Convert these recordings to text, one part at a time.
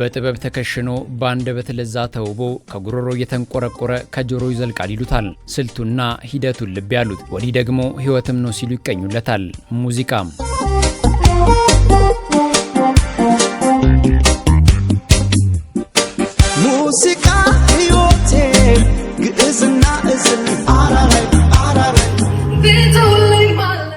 በጥበብ ተከሽኖ በአንደበት ለዛ ተውቦ ከጉሮሮ እየተንቆረቆረ ከጆሮ ይዘልቃል ይሉታል። ስልቱና ሂደቱን ልብ ያሉት ወዲህ ደግሞ ሕይወትም ነው ሲሉ ይቀኙለታል። ሙዚቃም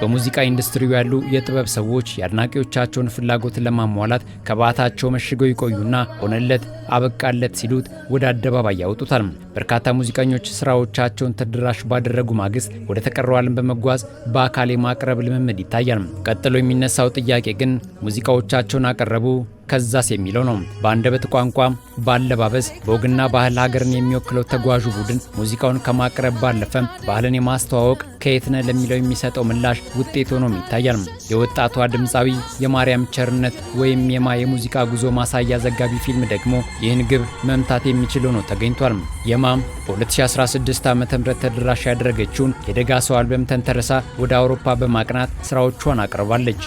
በሙዚቃ ኢንዱስትሪው ያሉ የጥበብ ሰዎች የአድናቂዎቻቸውን ፍላጎት ለማሟላት ከባታቸው መሽገው ይቆዩና ሆነለት አበቃለት ሲሉት ወደ አደባባይ ያወጡታል። በርካታ ሙዚቀኞች ስራዎቻቸውን ተደራሽ ባደረጉ ማግስት ወደ ተቀረው ዓለም በመጓዝ በአካል የማቅረብ ልምምድ ይታያል። ቀጥሎ የሚነሳው ጥያቄ ግን ሙዚቃዎቻቸውን አቀረቡ ከዛስ የሚለው ነው። በአንደበት ቋንቋም፣ በአለባበስ፣ በወግና ባህል ሀገርን የሚወክለው ተጓዡ ቡድን ሙዚቃውን ከማቅረብ ባለፈም ባህልን የማስተዋወቅ ከየትነ ለሚለው የሚሰጠው ምላሽ ውጤት ሆኖም ይታያል። የወጣቷ ድምፃዊ የማርያም ቸርነት ወይም የማ የሙዚቃ ጉዞ ማሳያ ዘጋቢ ፊልም ደግሞ ይህን ግብ መምታት የሚችል ሆኖ ተገኝቷል። የማም በ2016 ዓ ም ተደራሽ ያደረገችውን የደጋ ሰው አልበም ተንተርሳ ወደ አውሮፓ በማቅናት ስራዎቿን አቅርባለች።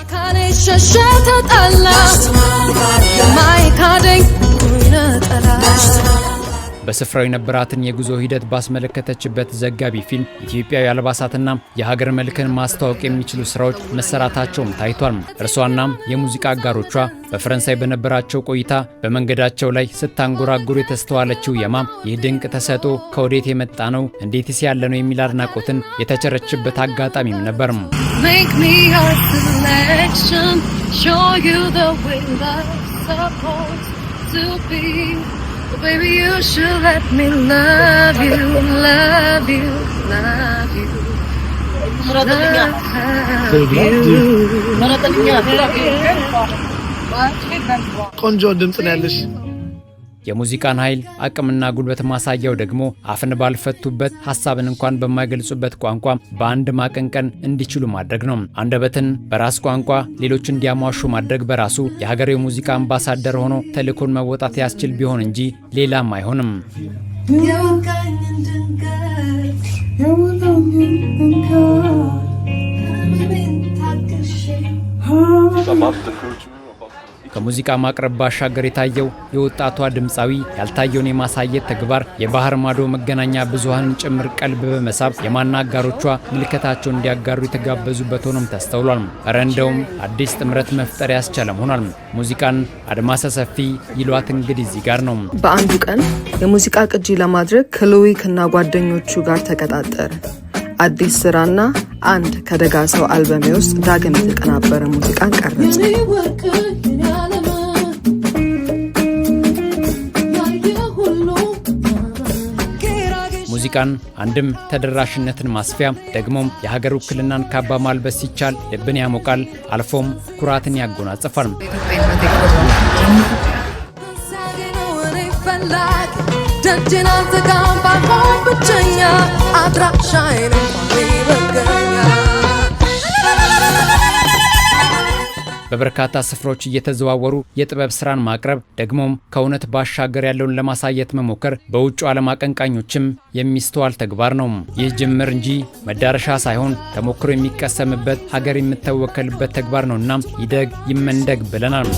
የማይካደኝ በስፍራው የነበራትን የጉዞ ሂደት ባስመለከተችበት ዘጋቢ ፊልም ኢትዮጵያዊ አልባሳትና የሀገር መልክን ማስተዋወቅ የሚችሉ ስራዎች መሰራታቸውም ታይቷል። እርሷናም የሙዚቃ አጋሮቿ በፈረንሳይ በነበራቸው ቆይታ በመንገዳቸው ላይ ስታንጎራጉር የተስተዋለችው የማ ይህ ድንቅ ተሰጦ ከወዴት የመጣ ነው? እንዴትስ ያለ ነው? የሚል አድናቆትን የተቸረችበት አጋጣሚም ነበርም። show you the way love's supposed to be. But baby, you should let me love you, love you, love you. Love you. የሙዚቃን ኃይል አቅምና ጉልበት ማሳያው ደግሞ አፍን ባልፈቱበት ሐሳብን እንኳን በማይገልጹበት ቋንቋ በአንድ ማቀንቀን እንዲችሉ ማድረግ ነው። አንደበትን በራስ ቋንቋ ሌሎች እንዲያሟሹ ማድረግ በራሱ የሀገሬው ሙዚቃ አምባሳደር ሆኖ ተልእኮን መወጣት ያስችል ቢሆን እንጂ ሌላም አይሆንም። ድንጋይ ከሙዚቃ ማቅረብ ባሻገር የታየው የወጣቷ ድምፃዊ ያልታየውን የማሳየት ተግባር የባህር ማዶ መገናኛ ብዙሃንን ጭምር ቀልብ በመሳብ የማና አጋሮቿ ምልከታቸውን እንዲያጋሩ የተጋበዙበት ሆኖም ተስተውሏል። እረ እንደውም አዲስ ጥምረት መፍጠር ያስቻለም ሆኗል። ሙዚቃን አድማሰ ሰፊ ይሏት እንግዲህ እዚህ ጋር ነው። በአንዱ ቀን የሙዚቃ ቅጂ ለማድረግ ከሎዊክ እና ጓደኞቹ ጋር ተቀጣጠረ። አዲስ ስራና አንድ ከደጋ ሰው አልበሜ ውስጥ ዳግም የተቀናበረ ሙዚቃን ቀረጽ። ሙዚቃን አንድም ተደራሽነትን ማስፊያ ደግሞም የሀገር ውክልናን ካባ ማልበስ ሲቻል ልብን ያሞቃል፣ አልፎም ኩራትን ያጎናጽፋል። ደጅን ብቸኛ አድራሻዬን በበርካታ ስፍራዎች እየተዘዋወሩ የጥበብ ስራን ማቅረብ ደግሞም ከእውነት ባሻገር ያለውን ለማሳየት መሞከር በውጭ ዓለም አቀንቃኞችም የሚስተዋል ተግባር ነው። ይህ ጅምር እንጂ መዳረሻ ሳይሆን ተሞክሮ የሚቀሰምበት ሀገር የምትወከልበት ተግባር ነውና ይደግ ይመንደግ ብለናል።